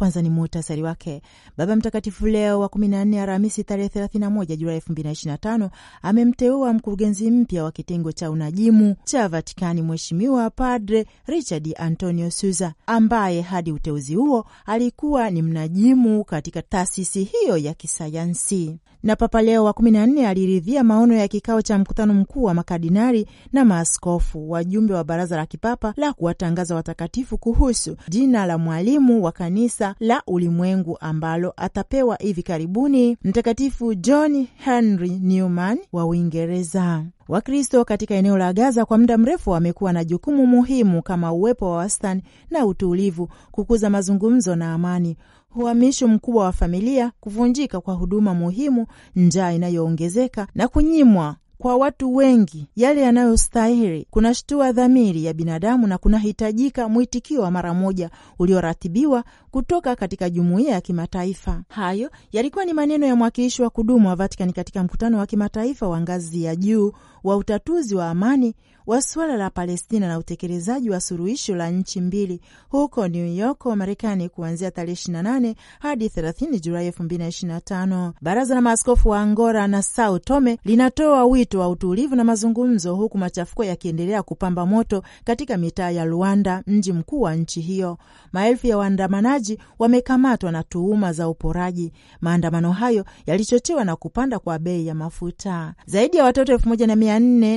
Kwanza ni muhtasari wake. Baba Mtakatifu Leo wa 14 Aramisi tarehe 31 Julai 2025 amemteua mkurugenzi mpya wa kitengo cha unajimu cha Vatikani, Mheshimiwa Padre Richard Antonio Suza, ambaye hadi uteuzi huo alikuwa ni mnajimu katika taasisi hiyo ya kisayansi. Na Papa Leo wa 14 aliridhia maono ya kikao cha mkutano mkuu wa makardinali na maaskofu wajumbe wa Baraza la Kipapa la kuwatangaza watakatifu kuhusu jina la mwalimu wa kanisa la ulimwengu ambalo atapewa hivi karibuni Mtakatifu John Henry Newman wa Uingereza. Wakristo katika eneo la Gaza kwa muda mrefu wamekuwa na jukumu muhimu kama uwepo wa wastani na utulivu, kukuza mazungumzo na amani, uhamisho mkubwa wa familia, kuvunjika kwa huduma muhimu, njaa inayoongezeka na kunyimwa kwa watu wengi yale yanayostahili, kunashtua dhamiri ya binadamu na kunahitajika mwitikio wa mara moja ulioratibiwa kutoka katika jumuiya ya kimataifa. Hayo yalikuwa ni maneno ya mwakilishi wa kudumu wa Vatikani katika mkutano wa kimataifa wa ngazi ya juu wa utatuzi wa amani wa suala la Palestina na utekelezaji wa suluhisho la nchi mbili huko New York, Marekani, kuanzia tarehe 28 hadi 30 Julai 2025. Baraza la Maaskofu wa Angola na Sao Tome linatoa wito wa utulivu na mazungumzo, huku machafuko yakiendelea kupamba moto katika mitaa ya Luanda, mji mkuu wa nchi hiyo. Maelfu ya waandamanaji wamekamatwa na tuhuma za uporaji. Maandamano hayo yalichochewa na kupanda kwa bei ya mafuta. Zaidi ya watoto elfu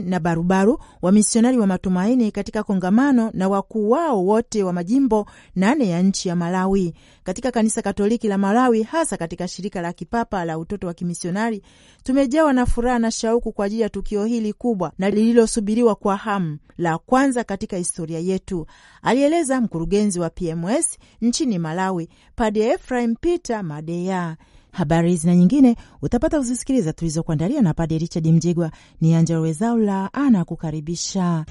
na barubaru wame wamisionari wa matumaini katika kongamano na wakuu wao wote wa majimbo nane ya nchi ya Malawi katika kanisa Katoliki la Malawi, hasa katika shirika la kipapa la utoto wa kimisionari. Tumejawa na furaha na shauku kwa ajili ya tukio hili kubwa na lililosubiriwa kwa hamu la kwanza katika historia yetu, alieleza mkurugenzi wa PMS nchini Malawi, Padre Efraim Peter Madeya. Habari hizi na nyingine utapata kuzisikiliza tulizokuandalia na Pade Richard Mjigwa. Ni Anja la ana kukaribisha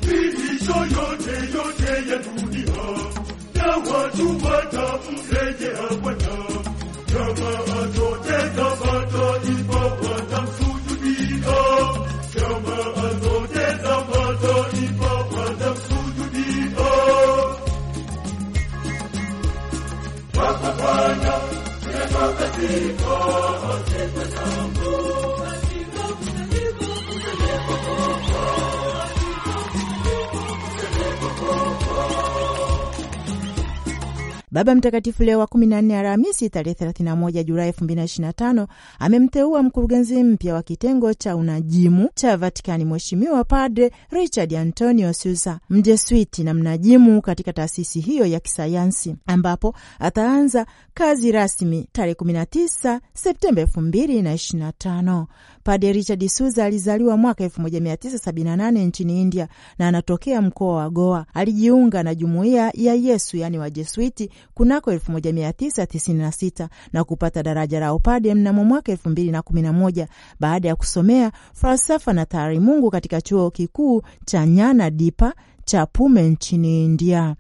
yote yote ya dunia ya watu watafute Baba Mtakatifu Leo wa 14 Alhamisi tarehe 31 Julai 2025 amemteua mkurugenzi mpya wa kitengo cha unajimu cha Vatikani, Mheshimiwa Padre Richard Antonio Susa, mjeswiti na mnajimu katika taasisi hiyo ya kisayansi, ambapo ataanza kazi rasmi tarehe 19 Septemba 2025 pade Richard Suza alizaliwa mwaka 1978 nchini India na anatokea mkoa wa Goa. Alijiunga na jumuiya ya Yesu yaani Wajesuiti kunako 1996 na kupata daraja la upade mnamo mwaka 2011 baada ya kusomea falsafa na mungu katika chuo kikuu cha Nyana Dipa cha Pume nchini India.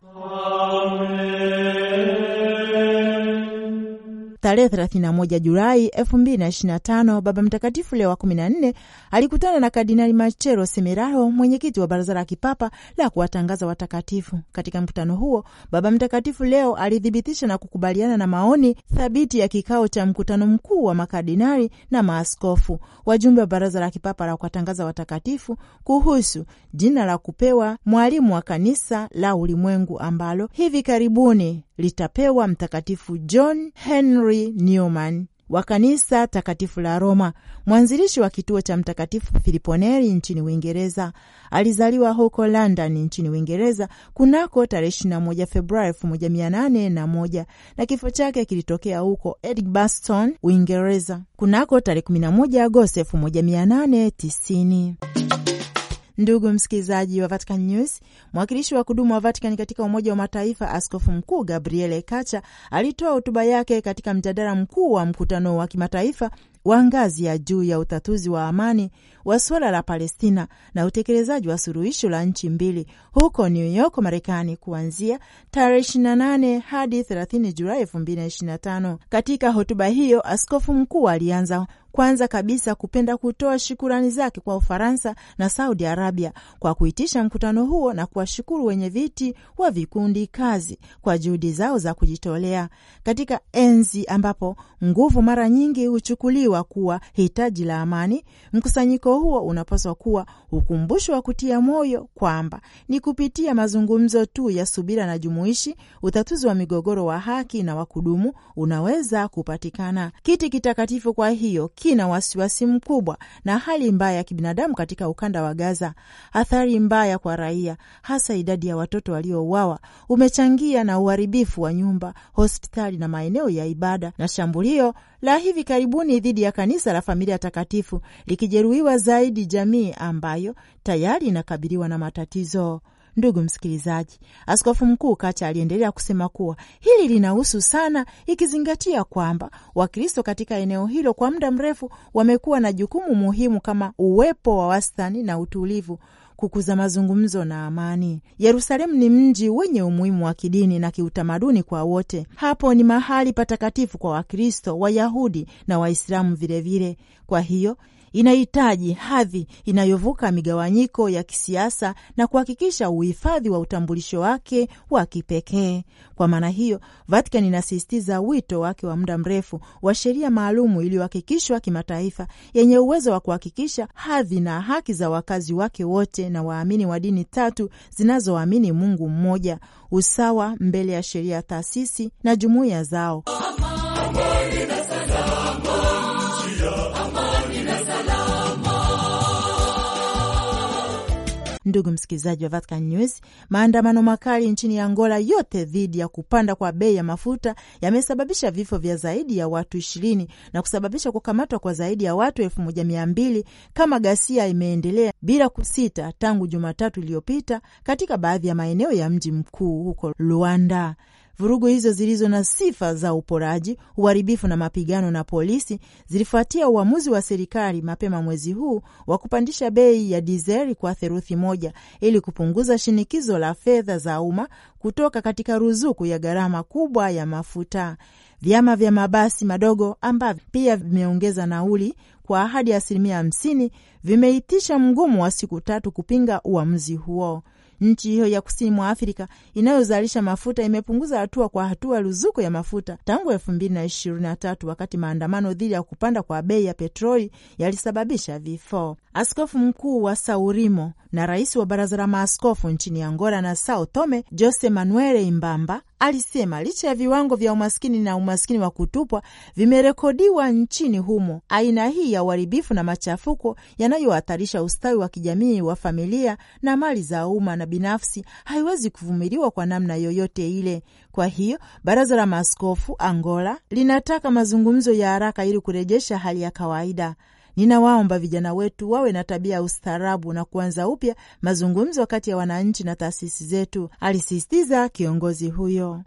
tarehe 31 Julai 2025 Baba Mtakatifu Leo wa 14 alikutana na Kardinali machero Semeraro, mwenyekiti wa Baraza la Kipapa la kuwatangaza watakatifu. Katika mkutano huo, Baba Mtakatifu Leo alithibitisha na kukubaliana na maoni thabiti ya kikao cha mkutano mkuu wa makardinali na maaskofu, wajumbe wa Baraza la Kipapa la kuwatangaza watakatifu kuhusu jina la kupewa mwalimu wa kanisa la ulimwengu ambalo hivi karibuni litapewa Mtakatifu John Henry Henry Newman wa Kanisa Takatifu la Roma, mwanzilishi wa kituo cha Mtakatifu Filiponeri nchini Uingereza. Alizaliwa huko London nchini Uingereza kunako tarehe 21 Februari 1801 na kifo chake kilitokea huko Edgbaston, Uingereza kunako tarehe 11 Agosti 1890. Ndugu msikilizaji wa Vatican News, mwakilishi wa kudumu wa Vatican katika Umoja wa Mataifa, Askofu Mkuu Gabriele Kacha alitoa hotuba yake katika mjadala mkuu wa mkutano wa kimataifa wa ngazi ya juu ya utatuzi wa amani wa suala la Palestina na utekelezaji wa suluhisho la nchi mbili huko New York, Marekani, kuanzia tarehe 28 hadi 30 Julai 2025. Katika hotuba hiyo, askofu mkuu alianza kwanza kabisa kupenda kutoa shukurani zake kwa Ufaransa na Saudi Arabia kwa kuitisha mkutano huo na kuwashukuru wenye viti wa vikundi kazi kwa juhudi zao za kujitolea katika enzi ambapo nguvu mara nyingi huchukuliwa kuwa hitaji la amani. Mkusanyiko huo unapaswa kuwa ukumbusho wa kutia moyo kwamba ni kupitia mazungumzo tu ya subira na jumuishi utatuzi wa migogoro wa haki na wa kudumu unaweza kupatikana. Kiti kitakatifu kwa hiyo kina wasiwasi mkubwa na hali mbaya ya kibinadamu katika ukanda wa Gaza. Athari mbaya kwa raia, hasa idadi ya watoto waliouawa, umechangia na uharibifu wa nyumba, hospitali na maeneo ya ibada, na shambulio la hivi karibuni dhidi ya kanisa la Familia Takatifu likijeruhiwa zaidi jamii ambayo tayari inakabiliwa na matatizo. Ndugu msikilizaji, askofu mkuu Kacha aliendelea kusema kuwa hili linahusu sana, ikizingatia kwamba Wakristo katika eneo hilo kwa muda mrefu wamekuwa na jukumu muhimu kama uwepo wa wastani na utulivu kukuza mazungumzo na amani. Yerusalemu ni mji wenye umuhimu wa kidini na kiutamaduni kwa wote. Hapo ni mahali patakatifu kwa Wakristo, Wayahudi na Waislamu vilevile. Kwa hiyo inahitaji hadhi inayovuka migawanyiko ya kisiasa na kuhakikisha uhifadhi wa utambulisho wake wa kipekee. Kwa maana hiyo, Vatican inasisitiza wito wake wa muda mrefu wa sheria maalumu iliyohakikishwa kimataifa yenye uwezo wa kuhakikisha hadhi na haki za wakazi wake wote na waamini wa dini tatu zinazoamini Mungu mmoja, usawa mbele ya sheria, taasisi na jumuiya zao. Ndugu msikilizaji wa Vatican News, maandamano makali nchini Angola yote dhidi ya kupanda kwa bei ya mafuta yamesababisha vifo vya zaidi ya watu ishirini na kusababisha kukamatwa kwa zaidi ya watu elfu moja mia mbili kama ghasia imeendelea bila kusita tangu Jumatatu iliyopita katika baadhi ya maeneo ya mji mkuu huko Luanda. Vurugu hizo zilizo na sifa za uporaji, uharibifu na mapigano na polisi zilifuatia uamuzi wa serikali mapema mwezi huu wa kupandisha bei ya dizeli kwa theluthi moja ili kupunguza shinikizo la fedha za umma kutoka katika ruzuku ya gharama kubwa ya mafuta. Vyama vya mabasi madogo ambavyo pia vimeongeza nauli kwa ahadi ya asilimia hamsini vimeitisha mgomo wa siku tatu kupinga uamuzi huo. Nchi hiyo ya kusini mwa Afrika inayozalisha mafuta imepunguza hatua kwa hatua ruzuku ya mafuta tangu elfu mbili na ishirini na tatu wakati maandamano dhidi ya kupanda kwa bei ya petroli yalisababisha vifo. Askofu mkuu wa Saurimo na rais wa baraza la maaskofu nchini Angola na Sao Tome, Jose Manuel Imbamba alisema licha ya viwango vya umaskini na umaskini wa kutupwa vimerekodiwa nchini humo, aina hii ya uharibifu na machafuko yanayohatarisha ustawi wa kijamii wa familia na mali za umma na binafsi haiwezi kuvumiliwa kwa namna yoyote ile. Kwa hiyo baraza la maaskofu Angola linataka mazungumzo ya haraka ili kurejesha hali ya kawaida. Ninawaomba vijana wetu wawe na tabia ya ustaarabu na kuanza upya mazungumzo kati ya wananchi na taasisi zetu, alisisitiza kiongozi huyo.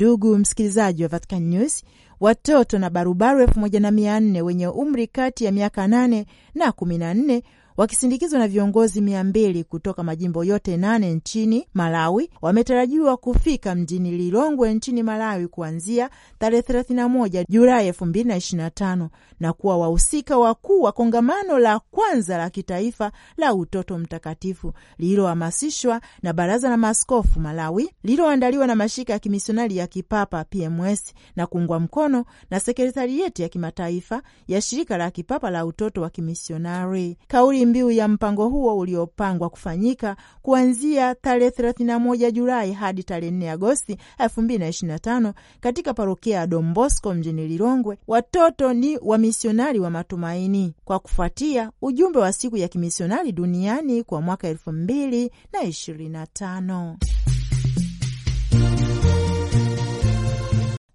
Ndugu msikilizaji wa Vatican News, watoto na barubaru elfu moja na mia nne wenye umri kati ya miaka nane na kumi na nne wakisindikizwa na viongozi mia mbili kutoka majimbo yote nane nchini Malawi wametarajiwa kufika mjini Lilongwe nchini Malawi kuanzia tarehe 31 Julai 2025 na kuwa wahusika wakuu wa kongamano la kwanza la kitaifa la utoto mtakatifu lililohamasishwa na Baraza la maskofu Malawi lililoandaliwa na mashirika ya kimisionari ya kipapa PMS na kuungwa mkono na sekretarieti ya kimataifa ya shirika la kipapa la utoto wa kimisionari. Kauli mbiu ya mpango huo uliopangwa kufanyika kuanzia tarehe 31 Julai hadi tarehe 4 Agosti 2025 katika parokia ya Don Bosco mjini Lilongwe, watoto ni wamisionari wa matumaini, kwa kufuatia ujumbe wa siku ya kimisionari duniani kwa mwaka 2025.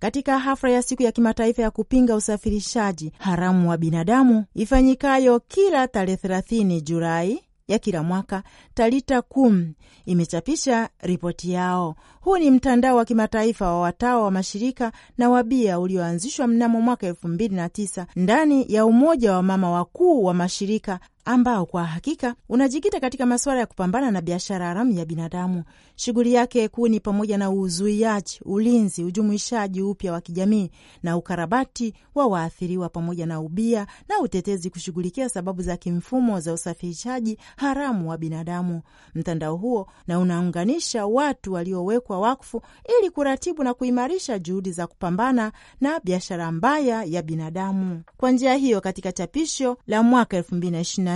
katika hafla ya siku ya kimataifa ya kupinga usafirishaji haramu wa binadamu ifanyikayo kila tarehe 30 Julai ya kila mwaka. Talita Kum imechapisha ripoti yao. Huu ni mtandao wa kimataifa wa watawa wa mashirika na wabia ulioanzishwa mnamo mwaka elfu mbili na tisa ndani ya umoja wa mama wakuu wa mashirika ambao kwa hakika unajikita katika masuala ya kupambana na biashara haramu ya binadamu. Shughuli yake kuu ni pamoja na uzuiaji, ulinzi, ujumuishaji upya wa kijamii na ukarabati wa waathiriwa, pamoja na ubia na utetezi, kushughulikia sababu za kimfumo za usafirishaji haramu wa binadamu. Mtandao huo na unaunganisha watu waliowekwa wakfu ili kuratibu na kuimarisha juhudi za kupambana na biashara mbaya ya binadamu. Kwa njia hiyo, katika chapisho la mwaka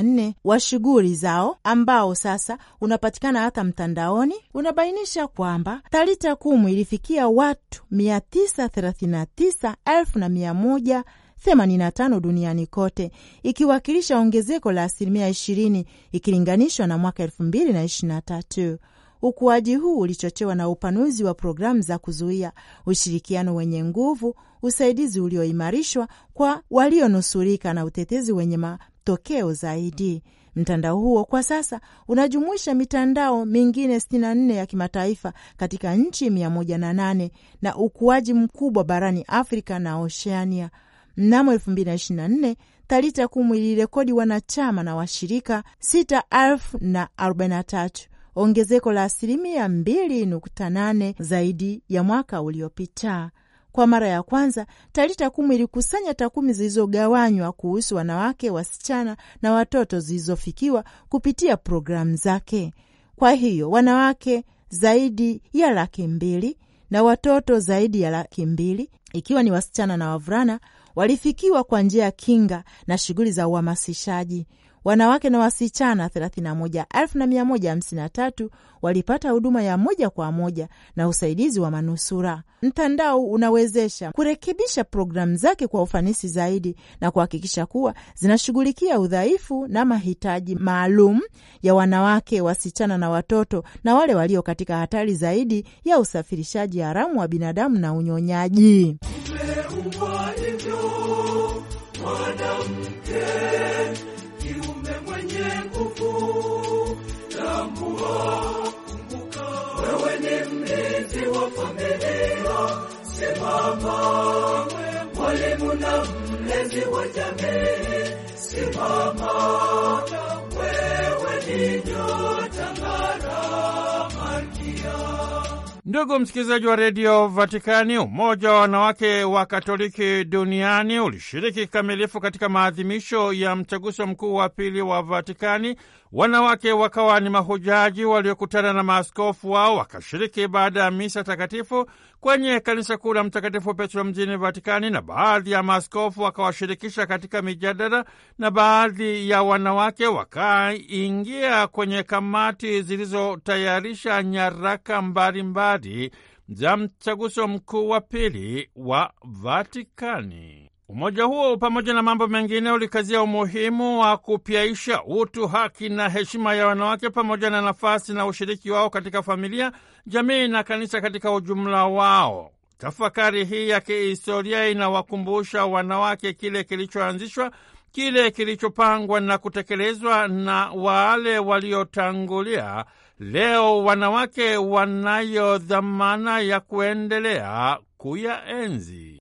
na nne wa shughuli zao ambao sasa unapatikana hata mtandaoni, unabainisha kwamba Talita Kumu ilifikia watu 939,185 duniani kote ikiwakilisha ongezeko la asilimia 20 ikilinganishwa na mwaka 2023. Ukuaji huu ulichochewa na upanuzi wa programu za kuzuia, ushirikiano wenye nguvu, usaidizi ulioimarishwa kwa walionusurika na utetezi wenye ma tokeo zaidi. Mtandao huo kwa sasa unajumuisha mitandao mingine 64 ya kimataifa katika nchi 108 na ukuaji mkubwa barani Afrika na Oceania. Mnamo 2024 Talita Kumu ilirekodi wanachama na washirika 6043 ongezeko la asilimia 2.8 zaidi ya mwaka uliopita. Kwa mara ya kwanza TARI TAKUMU ilikusanya takwimu zilizogawanywa kuhusu wanawake, wasichana na watoto zilizofikiwa kupitia programu zake. Kwa hiyo wanawake zaidi ya laki mbili na watoto zaidi ya laki mbili ikiwa ni wasichana na wavulana walifikiwa kwa njia ya kinga na shughuli za uhamasishaji wanawake na wasichana 31153 walipata huduma ya moja kwa moja na usaidizi wa manusura. Mtandao unawezesha kurekebisha programu zake kwa ufanisi zaidi na kuhakikisha kuwa zinashughulikia udhaifu na mahitaji maalum ya wanawake, wasichana na watoto na wale walio katika hatari zaidi ya usafirishaji haramu wa binadamu na unyonyaji. mwalimu na mlezi wa jamii, simama wewe ni nyota ng'ara, Malkia. Ndugu msikilizaji wa redio Vatikani, umoja wa wanawake wa Katoliki duniani ulishiriki kikamilifu katika maadhimisho ya mtaguso mkuu wa pili wa Vatikani Wanawake wakawa ni mahujaji waliokutana na maaskofu wao wakashiriki baada ya misa takatifu kwenye kanisa kuu la Mtakatifu Petro mjini Vatikani, na baadhi ya maaskofu wakawashirikisha katika mijadala, na baadhi ya wanawake wakaingia kwenye kamati zilizotayarisha nyaraka mbalimbali za mchaguzo mkuu wa pili wa Vatikani. Umoja huo pamoja na mambo mengine ulikazia umuhimu wa kupyaisha utu, haki na heshima ya wanawake pamoja na nafasi na ushiriki wao katika familia, jamii na kanisa katika ujumla wao. Tafakari hii ya kihistoria inawakumbusha wanawake kile kilichoanzishwa, kile kilichopangwa na kutekelezwa na wale waliotangulia. Leo wanawake wanayo dhamana ya kuendelea kuyaenzi.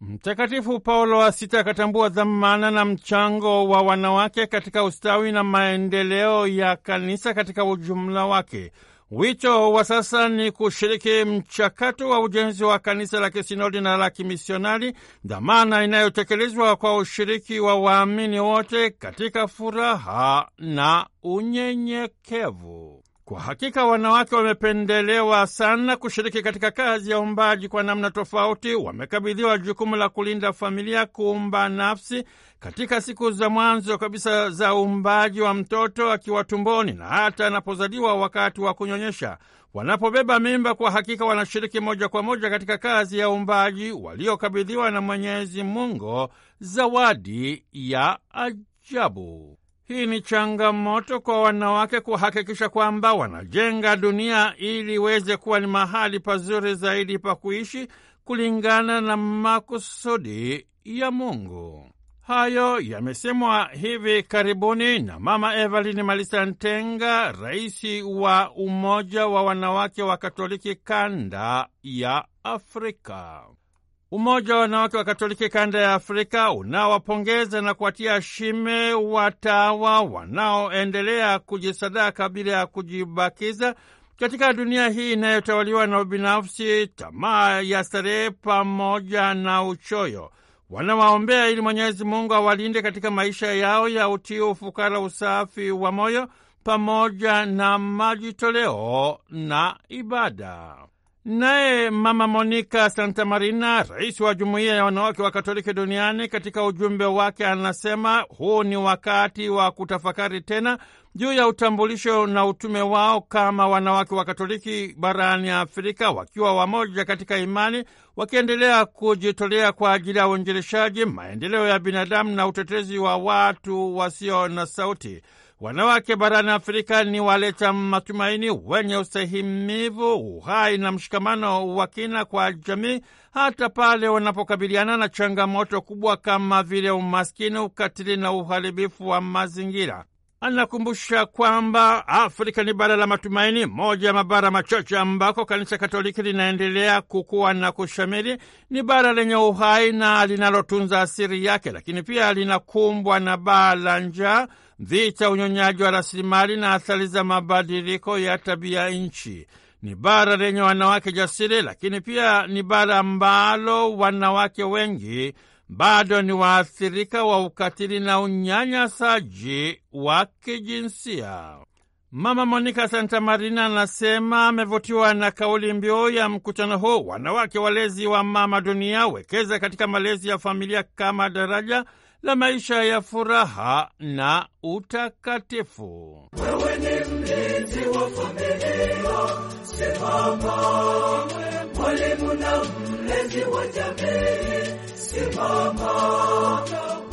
Mtakatifu Paulo wa Sita akatambua dhamana na mchango wa wanawake katika ustawi na maendeleo ya kanisa katika ujumla wake. Wito wa sasa ni kushiriki mchakato wa ujenzi wa kanisa la kisinodi na la kimisionari, dhamana inayotekelezwa kwa ushiriki wa waamini wote katika furaha na unyenyekevu. Kwa hakika wanawake wamependelewa sana kushiriki katika kazi ya umbaji kwa namna tofauti. Wamekabidhiwa jukumu la kulinda familia, kuumba nafsi katika siku za mwanzo kabisa za uumbaji wa mtoto akiwa tumboni na hata anapozaliwa, wakati wa kunyonyesha, wanapobeba mimba. Kwa hakika wanashiriki moja kwa moja katika kazi ya uumbaji waliokabidhiwa na Mwenyezi Mungu zawadi ya ajabu. Hii ni changamoto kwa wanawake kuhakikisha kwamba wanajenga dunia ili iweze kuwa ni mahali pazuri zaidi pa kuishi kulingana na makusudi ya Mungu. Hayo yamesemwa hivi karibuni na Mama Evelyn Malisa Ntenga, rais wa Umoja wa Wanawake wa Katoliki kanda ya Afrika. Umoja wa Wanawake wa Katoliki Kanda ya Afrika unawapongeza na kuwatia shime watawa wanaoendelea kujisadaka bila ya kujibakiza katika dunia hii inayotawaliwa na ubinafsi, tamaa ya starehe pamoja na uchoyo. Wanawaombea ili Mwenyezi Mungu awalinde katika maisha yao ya utii, ufukara, usafi wa moyo pamoja na majitoleo na ibada. Naye Mama Monica Santa Marina, rais wa Jumuiya ya Wanawake wa Katoliki Duniani, katika ujumbe wake anasema huu ni wakati wa kutafakari tena juu ya utambulisho na utume wao kama wanawake wa Katoliki barani Afrika, wakiwa wamoja katika imani, wakiendelea kujitolea kwa ajili ya uinjilishaji, maendeleo ya binadamu na utetezi wa watu wasio na sauti wanawake barani Afrika ni waleta matumaini, wenye usehimivu, uhai na mshikamano wa kina kwa jamii, hata pale wanapokabiliana na changamoto kubwa kama vile umaskini, ukatili na uharibifu wa mazingira. Anakumbusha kwamba Afrika ni bara la matumaini, moja ya mabara machache ambako kanisa Katoliki linaendelea kukua na kushamiri. Ni bara lenye uhai na linalotunza asiri yake, lakini pia linakumbwa na baa la njaa vita, unyonyaji wa rasilimali na athari za mabadiliko ya tabia nchi. Ni bara lenye wanawake jasiri, lakini pia ni bara ambalo wanawake wengi bado ni waathirika wa ukatili na unyanyasaji wa kijinsia. Mama Monica Santa Marina anasema amevutiwa na kauli mbiu ya mkutano huu, wanawake walezi wa mama dunia, wekeza katika malezi ya familia kama daraja la maisha ya furaha na utakatifu. Wewe ni mlezi wa familia simama, mwalimu na mlezi wa jamii simama,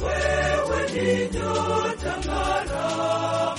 wewe ni nyota ng'ara,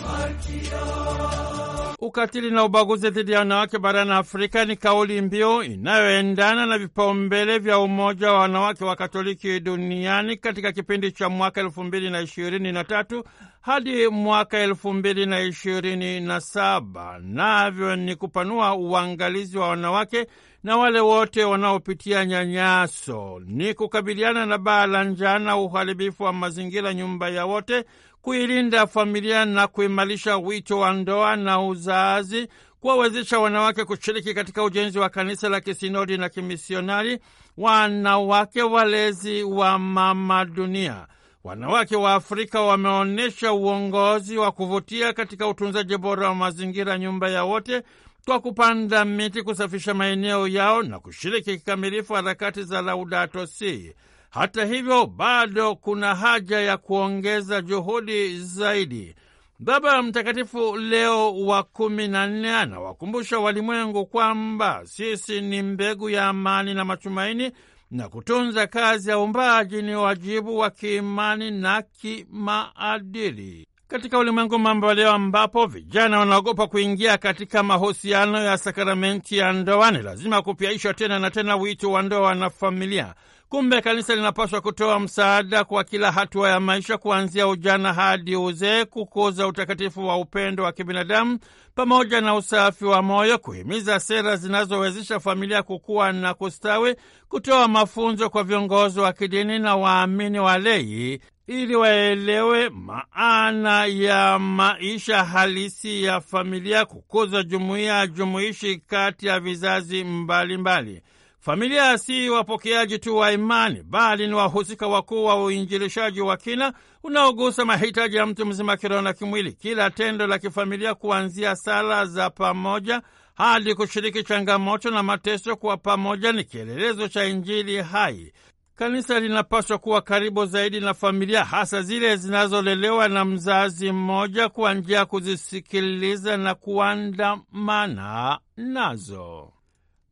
malkia ukatili na ubaguzi dhidi ya wanawake barani Afrika ni kauli mbiu inayoendana na vipaumbele vya Umoja wa Wanawake wa Katoliki Duniani katika kipindi cha mwaka elfu mbili na ishirini na tatu hadi mwaka elfu mbili na ishirini na saba navyo ni kupanua uangalizi wa wanawake na wale wote wanaopitia nyanyaso, ni kukabiliana na baa la njaa na uharibifu wa mazingira, nyumba ya wote kuilinda familia na kuimarisha wito wa ndoa na uzazi, kuwawezesha wanawake kushiriki katika ujenzi wa kanisa la kisinodi na kimisionari, wanawake walezi wa mama dunia. Wanawake wa Afrika wameonyesha uongozi wa kuvutia katika utunzaji bora wa mazingira, nyumba ya wote, kwa kupanda miti, kusafisha maeneo yao na kushiriki kikamilifu harakati za Laudato Si. Hata hivyo, bado kuna haja ya kuongeza juhudi zaidi. Baba Mtakatifu Leo wa kumi na nne anawakumbusha walimwengu kwamba sisi ni mbegu ya amani na matumaini na kutunza kazi ya umbaji ni wajibu wa kiimani na kimaadili. Katika ulimwengu mambo leo, ambapo vijana wanaogopa kuingia katika mahusiano ya sakramenti ya ndoa, ni lazima kupyaishwa tena na tena wito wa ndoa na familia. Kumbe kanisa linapaswa kutoa msaada kwa kila hatua ya maisha, kuanzia ujana hadi uzee, kukuza utakatifu wa upendo wa kibinadamu pamoja na usafi wa moyo, kuhimiza sera zinazowezesha familia kukua na kustawi, kutoa mafunzo kwa viongozi wa kidini na waamini walei ili waelewe maana ya maisha halisi ya familia, kukuza jumuiya jumuishi kati ya vizazi mbalimbali mbali. Familia si wapokeaji tu wa imani, bali ni wahusika wakuu wa uinjilishaji wa kina unaogusa mahitaji ya mtu mzima kiroho na kimwili. Kila tendo la kifamilia, kuanzia sala za pamoja hadi kushiriki changamoto na mateso kwa pamoja, ni kielelezo cha Injili hai. Kanisa linapaswa kuwa karibu zaidi na familia, hasa zile zinazolelewa na mzazi mmoja, kwa njia ya kuzisikiliza na kuandamana nazo.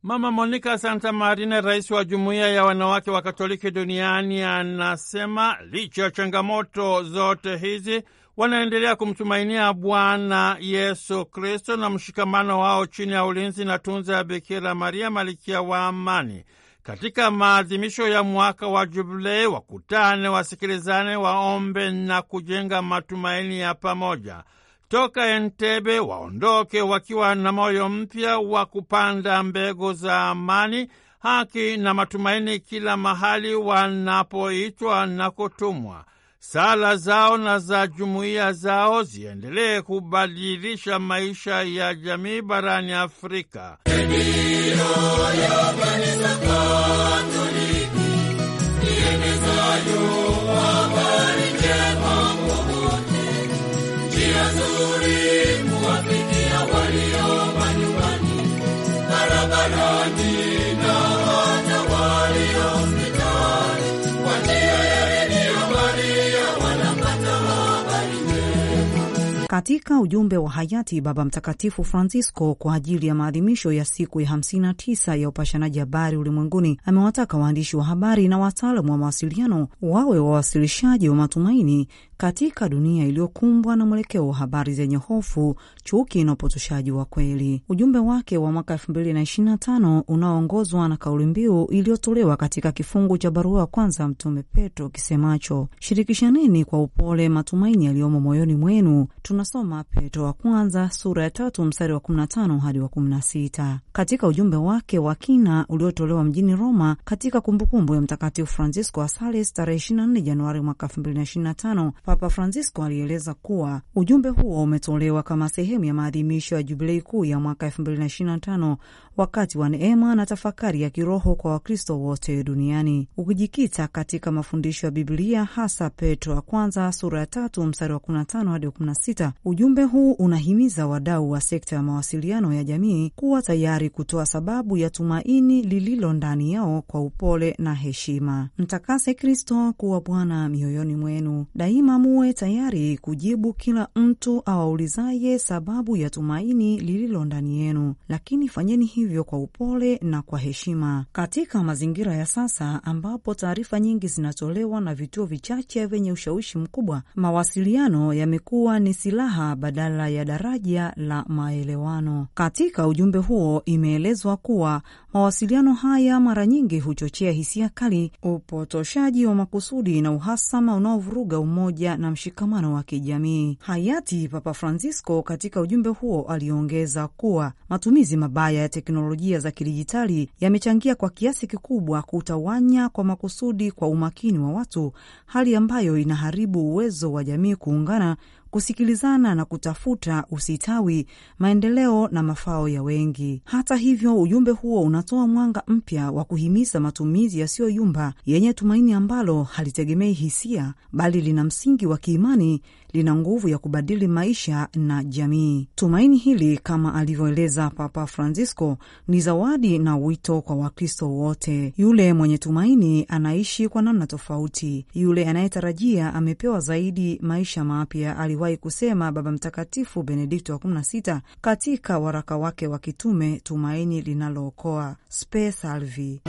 Mama monika Santa Marina, rais wa jumuiya ya wanawake wa Katoliki duniani, anasema licha ya changamoto zote hizi wanaendelea kumtumainia Bwana Yesu Kristo na mshikamano wao chini ya ulinzi na tunza ya Bikira Maria, malikia wa amani. Katika maadhimisho ya mwaka wa Jubilei, wakutane, wasikilizane, waombe na kujenga matumaini ya pamoja toka Entebe waondoke wakiwa na moyo mpya wa kupanda mbegu za amani, haki na matumaini kila mahali wanapoitwa na kutumwa. Sala zao na za jumuiya zao ziendelee kubadilisha maisha ya jamii barani Afrika. Katika ujumbe wa hayati Baba Mtakatifu Francisco kwa ajili ya maadhimisho ya siku ya 59 ya upashanaji habari ulimwenguni, amewataka waandishi wa habari na wataalamu wa mawasiliano wawe wawasilishaji wa matumaini katika dunia iliyokumbwa na mwelekeo wa habari zenye hofu, chuki na upotoshaji wa kweli. Ujumbe wake wa mwaka 2025 unaoongozwa na kauli mbiu iliyotolewa katika kifungu cha barua ya kwanza Mtume Petro kisemacho shirikishaneni kwa upole matumaini yaliyomo moyoni mwenu. Tunasoma Petro wa kwanza sura ya tatu mstari wa 15 hadi wa 16. Katika ujumbe wake wa kina uliotolewa mjini Roma katika kumbukumbu ya Mtakatifu Francisco wa Sales tarehe 24 Januari mwaka 2025 Papa Francisco alieleza kuwa ujumbe huo umetolewa kama sehemu ya maadhimisho ya jubilei kuu ya mwaka 2025 wakati wa neema na tafakari ya kiroho kwa Wakristo wote duniani ukijikita katika mafundisho ya Biblia, hasa Petro wa kwanza sura ya tatu mstari wa 15 hadi 16. Ujumbe huu unahimiza wadau wa sekta ya mawasiliano ya jamii kuwa tayari kutoa sababu ya tumaini lililo ndani yao kwa upole na heshima. Mtakase Kristo kuwa Bwana mioyoni mwenu daima amue muwe tayari kujibu kila mtu awaulizaye sababu ya tumaini lililo ndani yenu, lakini fanyeni hivyo kwa upole na kwa heshima. Katika mazingira ya sasa ambapo taarifa nyingi zinatolewa na vituo vichache vyenye ushawishi mkubwa, mawasiliano yamekuwa ni silaha badala ya daraja la maelewano. Katika ujumbe huo imeelezwa kuwa Mawasiliano haya mara nyingi huchochea hisia kali, upotoshaji wa makusudi na uhasama unaovuruga umoja na mshikamano wa kijamii. Hayati Papa Francisco katika ujumbe huo aliongeza kuwa matumizi mabaya ya teknolojia za kidijitali yamechangia kwa kiasi kikubwa kutawanya kwa makusudi kwa umakini wa watu, hali ambayo inaharibu uwezo wa jamii kuungana kusikilizana na kutafuta usitawi, maendeleo na mafao ya wengi. Hata hivyo, ujumbe huo unatoa mwanga mpya wa kuhimiza matumizi yasiyoyumba yenye tumaini ambalo halitegemei hisia bali lina msingi wa kiimani lina nguvu ya kubadili maisha na jamii. Tumaini hili kama alivyoeleza Papa Francisco ni zawadi na wito kwa Wakristo wote. Yule mwenye tumaini anaishi kwa namna tofauti, yule anayetarajia amepewa zaidi maisha mapya, aliwahi kusema Baba Mtakatifu Benedikto wa 16 katika waraka wake wa kitume Tumaini linalookoa Spe Salvi.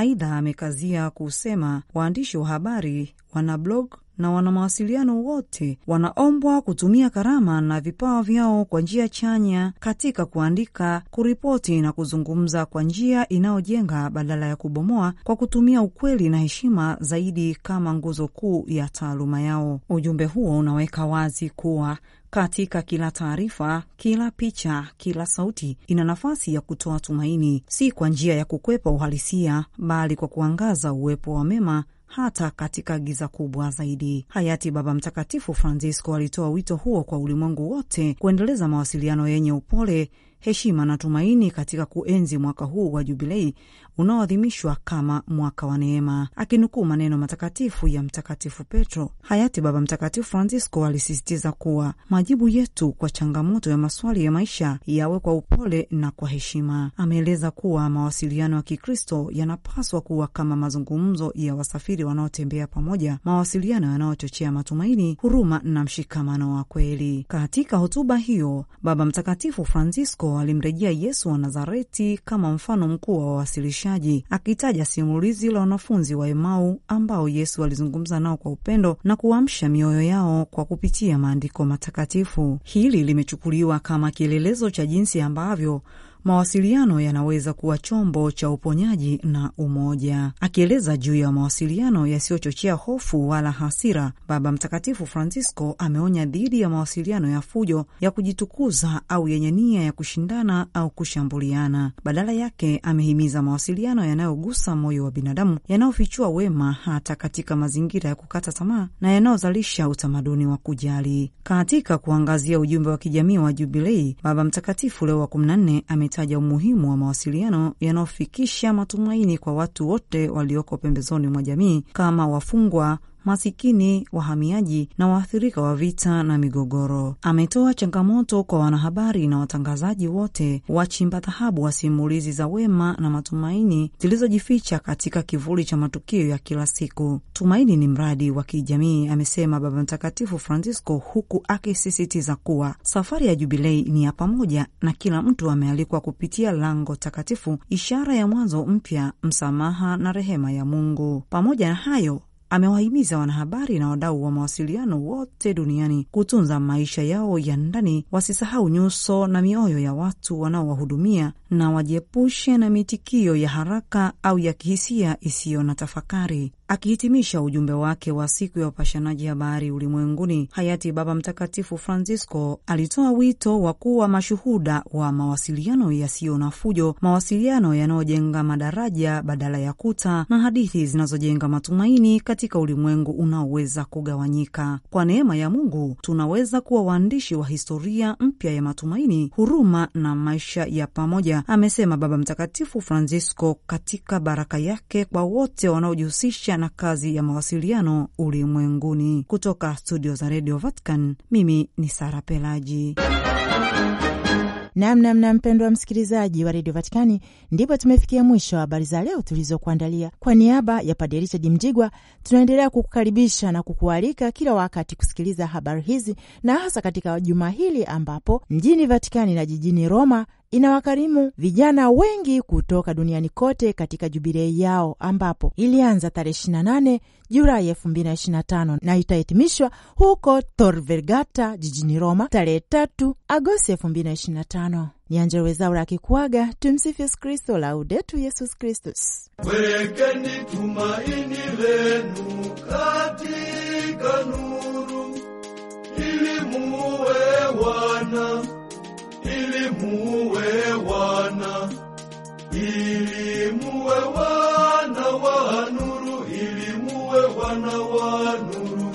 Aidha, amekazia kusema waandishi wa habari, wanablog na wanamawasiliano wote wanaombwa kutumia karama na vipawa vyao kwa njia chanya katika kuandika, kuripoti na kuzungumza kwa njia inayojenga badala ya kubomoa, kwa kutumia ukweli na heshima zaidi kama nguzo kuu ya taaluma yao. Ujumbe huo unaweka wazi kuwa katika kila taarifa, kila picha, kila sauti ina nafasi ya kutoa tumaini, si kwa njia ya kukwepa uhalisia, bali kwa kuangaza uwepo wa mema hata katika giza kubwa zaidi. Hayati Baba Mtakatifu Francisco alitoa wito huo kwa ulimwengu wote kuendeleza mawasiliano yenye upole heshima na tumaini katika kuenzi mwaka huu wa Jubilei unaoadhimishwa kama mwaka wa neema. Akinukuu maneno matakatifu ya Mtakatifu Petro, hayati Baba Mtakatifu Francisco alisisitiza kuwa majibu yetu kwa changamoto ya maswali ya maisha yawe kwa upole na kwa heshima. Ameeleza kuwa mawasiliano ya Kikristo yanapaswa kuwa kama mazungumzo ya wasafiri wanaotembea pamoja, mawasiliano yanayochochea matumaini, huruma na mshikamano wa kweli. Katika hotuba hiyo, Baba Mtakatifu Francisco alimrejea Yesu wa Nazareti kama mfano mkuu wa wawasilishaji, akitaja simulizi la wanafunzi wa Emau ambao Yesu alizungumza nao kwa upendo na kuamsha mioyo yao kwa kupitia maandiko matakatifu. Hili limechukuliwa kama kielelezo cha jinsi ambavyo mawasiliano yanaweza kuwa chombo cha uponyaji na umoja. Akieleza juu ya mawasiliano yasiyochochea hofu wala hasira, Baba Mtakatifu Francisco ameonya dhidi ya mawasiliano ya fujo, ya kujitukuza au yenye nia ya kushindana au kushambuliana. Badala yake, amehimiza mawasiliano yanayogusa moyo wa binadamu, yanayofichua wema hata katika mazingira ya kukata tamaa na yanayozalisha utamaduni wa kujali. Katika kuangazia ujumbe wa kijamii wa Jubilei, Baba Mtakatifu Leo wa kumi ame ametaja umuhimu wa mawasiliano yanayofikisha matumaini kwa watu wote walioko pembezoni mwa jamii kama wafungwa masikini, wahamiaji na waathirika wa vita na migogoro. Ametoa changamoto kwa wanahabari na watangazaji wote wachimba dhahabu wa simulizi za wema na matumaini zilizojificha katika kivuli cha matukio ya kila siku. Tumaini ni mradi wa kijamii, amesema Baba Mtakatifu Francisco, huku akisisitiza kuwa safari ya Jubilei ni ya pamoja na kila mtu amealikwa kupitia lango takatifu, ishara ya mwanzo mpya, msamaha na rehema ya Mungu. Pamoja na hayo amewahimiza wanahabari na wadau wa mawasiliano wote duniani kutunza maisha yao ya ndani, wasisahau nyuso na mioyo ya watu wanaowahudumia na wajiepushe na mitikio ya haraka au ya kihisia isiyo na tafakari. Akihitimisha ujumbe wake wa siku ya upashanaji habari ulimwenguni, hayati Baba Mtakatifu Francisco alitoa wito wa kuwa mashuhuda wa mawasiliano yasiyo na fujo, mawasiliano yanayojenga madaraja badala ya kuta, na hadithi zinazojenga matumaini katika ulimwengu unaoweza kugawanyika. Kwa neema ya Mungu tunaweza kuwa waandishi wa historia mpya ya matumaini, huruma na maisha ya pamoja, amesema Baba Mtakatifu Francisco katika baraka yake kwa wote wanaojihusisha na kazi ya mawasiliano ulimwenguni. Kutoka studio za Radio Vatican, mimi ni Sara Pelaji namna mna wa msikilizaji wa redio Vatikani, ndipo tumefikia mwisho wa habari za leo tulizokuandalia. Kwa niaba ya Padre Richard Mjigwa, tunaendelea kukukaribisha na kukualika kila wakati kusikiliza habari hizi, na hasa katika juma hili ambapo mjini Vatikani na jijini Roma inawakarimu vijana wengi kutoka duniani kote katika jubilei yao ambapo ilianza tarehe 28 Julai 2025 na itahitimishwa huko Tor Vergata jijini Roma tarehe 3 Agosti 2025. Ni Angella Rwezaura akikuaga. Tumsifu Yesu Kristo, Laudetu Yesus Kristus. Wekeni tumaini lenu katika nuru ili muwe wana ili muwe wana, ili muwe wana wa nuru, ili muwe wana wa nuru.